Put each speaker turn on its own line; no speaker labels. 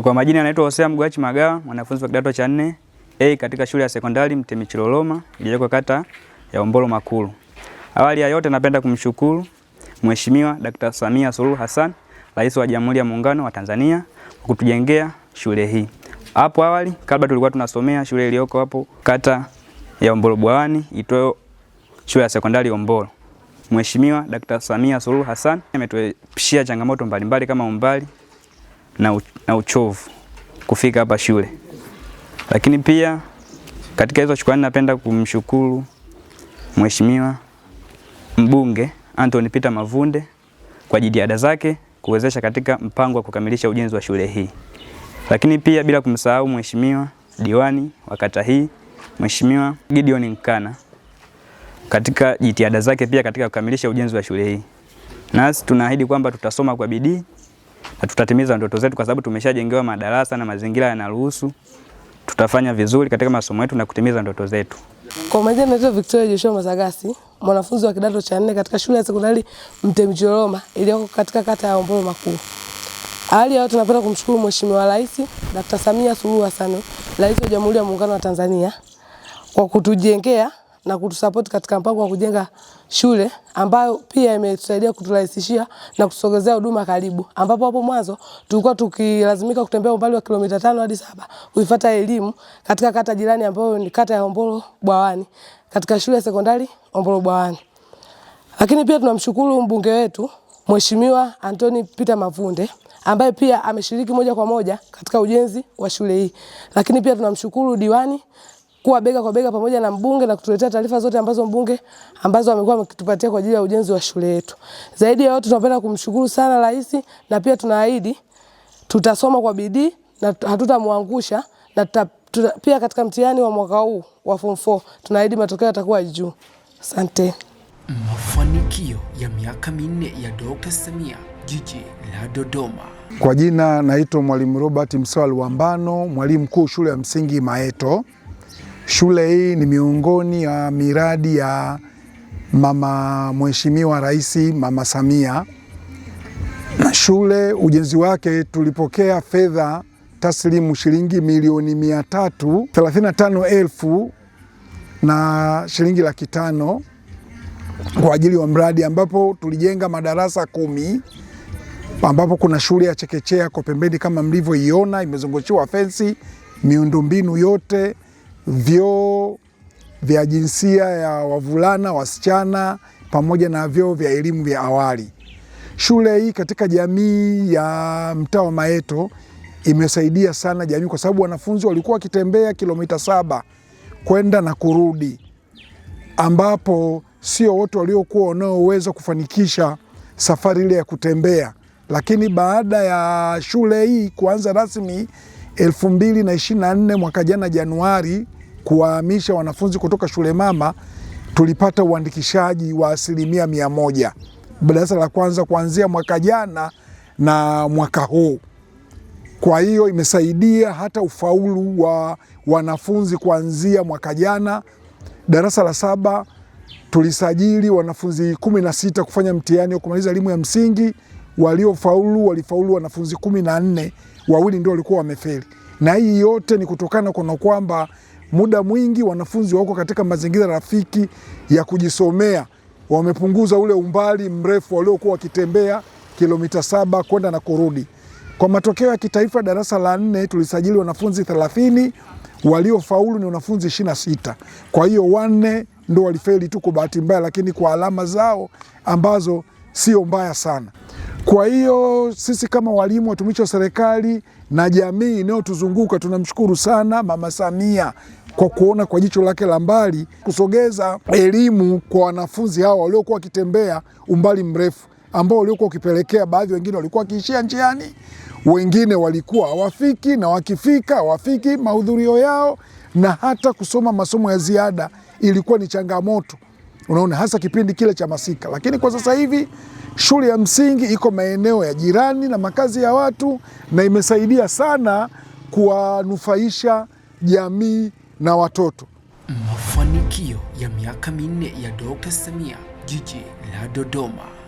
Kwa majina anaitwa Hosea Mgwachi Magawa, mwanafunzi wa kidato cha nne A katika shule ya sekondari Mtemi Mtemichiloloma iliyoko kata ya Ombolo Makulu. Awali ya yote napenda kumshukuru Mheshimiwa Dr. Samia Suluhu Hassan, Rais wa Jamhuri ya Muungano wa Tanzania kwa kutujengea shule hii. Hapo awali kabla tulikuwa tunasomea shule iliyoko hapo kata ya Ombolo Bwawani itwayo shule ya sekondari Ombolo. Mheshimiwa Dr. Samia Suluhu Hassan ametuepishia changamoto mbalimbali kama umbali na, na uchovu kufika hapa shule. Lakini pia katika hizo shukrani napenda kumshukuru Mheshimiwa Mbunge Anthony Peter Mavunde kwa jitihada zake kuwezesha katika mpango wa kukamilisha ujenzi wa shule hii. Lakini pia bila kumsahau Mheshimiwa Diwani wa kata hii Mheshimiwa Gideon Nkana katika jitihada zake pia katika kukamilisha ujenzi wa shule hii. Nasi tunaahidi kwamba tutasoma kwa bidii tutatimiza ndoto zetu, kwa sababu tumeshajengewa madarasa na mazingira yanaruhusu. Tutafanya vizuri katika masomo yetu na kutimiza ndoto zetu.
Kwa majina naitwa Victoria Joshua Masagasi, mwanafunzi wa kidato cha nne katika shule ya sekondari Mtemchoroma iliyoko katika kata ya Ombolo Makuu. Awali ya yote tunapenda kumshukuru Mheshimiwa Rais Dr. Samia Suluhu Hassan, Rais wa Jamhuri ya Muungano wa Tanzania kwa kutujengea na kutusapoti katika mpango wa kujenga shule ambayo pia imetusaidia kuturahisishia na kusogezea huduma karibu, ambapo hapo mwanzo tulikuwa tukilazimika kutembea umbali wa kilomita tano hadi saba kuifata elimu katika kata jirani ambayo ni kata ya Ombolo Bwawani katika shule ya sekondari Ombolo Bwawani. Lakini pia tunamshukuru mbunge wetu Mheshimiwa Anthony Peter Mavunde ambaye pia ameshiriki moja kwa moja katika ujenzi wa shule hii. Lakini pia tunamshukuru diwani kuwa bega kwa bega pamoja na mbunge na kutuletea taarifa zote ambazo mbunge ambazo amekuwa ametupatia kwa ajili ya ujenzi wa shule yetu. Zaidi ya yote tunapenda kumshukuru sana rais na pia tunaahidi tutasoma kwa bidii na hatutamwangusha na tuta, tuta, pia katika mtihani wa mwaka huu wa form 4 tunaahidi matokeo yatakuwa juu. Asante.
Mafanikio ya miaka minne ya Dr. Samia jiji la Dodoma.
Kwa jina naitwa Mwalimu Robert Msawali Wambano, mwalimu mkuu shule ya msingi Maeto. Shule hii ni miongoni ya miradi ya mama Mheshimiwa Rais Mama Samia, na shule ujenzi wake tulipokea fedha taslimu shilingi milioni mia tatu thelathini na tano elfu na shilingi laki tano kwa ajili wa mradi ambapo tulijenga madarasa kumi ambapo kuna shule ya chekechea kwa pembeni kama mlivyoiona imezungushiwa fensi, miundombinu yote vyoo vya jinsia ya wavulana, wasichana pamoja na vyoo vya elimu vya awali. Shule hii katika jamii ya mtaa wa Maeto imesaidia sana jamii kwa sababu wanafunzi walikuwa wakitembea kilomita saba kwenda na kurudi, ambapo sio wote waliokuwa wanaoweza kufanikisha safari ile ya kutembea. Lakini baada ya shule hii kuanza rasmi elfu mbili na ishirini na nne mwaka jana Januari, kuwahamisha wanafunzi kutoka shule mama tulipata uandikishaji wa asilimia mia moja darasa la kwanza kuanzia mwaka jana na mwaka huu. Kwa hiyo imesaidia hata ufaulu wa wanafunzi kuanzia mwaka jana darasa la saba tulisajili wanafunzi kumi na sita kufanya mtihani wa kumaliza elimu ya msingi. Waliofaulu walifaulu wanafunzi kumi na nne wawili ndio walikuwa wamefeli, na hii yote ni kutokana kuna kwamba muda mwingi wanafunzi wako katika mazingira rafiki ya kujisomea, wamepunguza ule umbali mrefu waliokuwa wakitembea kilomita saba kwenda na kurudi. Kwa matokeo ya kitaifa darasa la nne tulisajili wanafunzi thelathini, waliofaulu ni wanafunzi ishirini na sita. Kwa hiyo wanne ndo walifeli tu kwa bahati mbaya, lakini kwa alama zao ambazo sio mbaya sana. Kwa hiyo sisi kama walimu, watumishi wa serikali na jamii inayotuzunguka tunamshukuru sana Mama Samia kwa kuona kwa jicho lake la mbali kusogeza elimu kwa wanafunzi hawa waliokuwa wakitembea umbali mrefu ambao waliokuwa wakipelekea baadhi, wengine walikuwa wakiishia njiani, wengine walikuwa hawafiki, na wakifika hawafiki mahudhurio yao, na hata kusoma masomo ya ziada ilikuwa ni changamoto unaona, hasa kipindi kile cha masika. Lakini kwa sasa hivi shule ya msingi iko maeneo ya jirani na makazi ya watu, na imesaidia sana kuwanufaisha jamii na watoto. Mafanikio ya miaka minne ya Dr. Samia, jiji la Dodoma.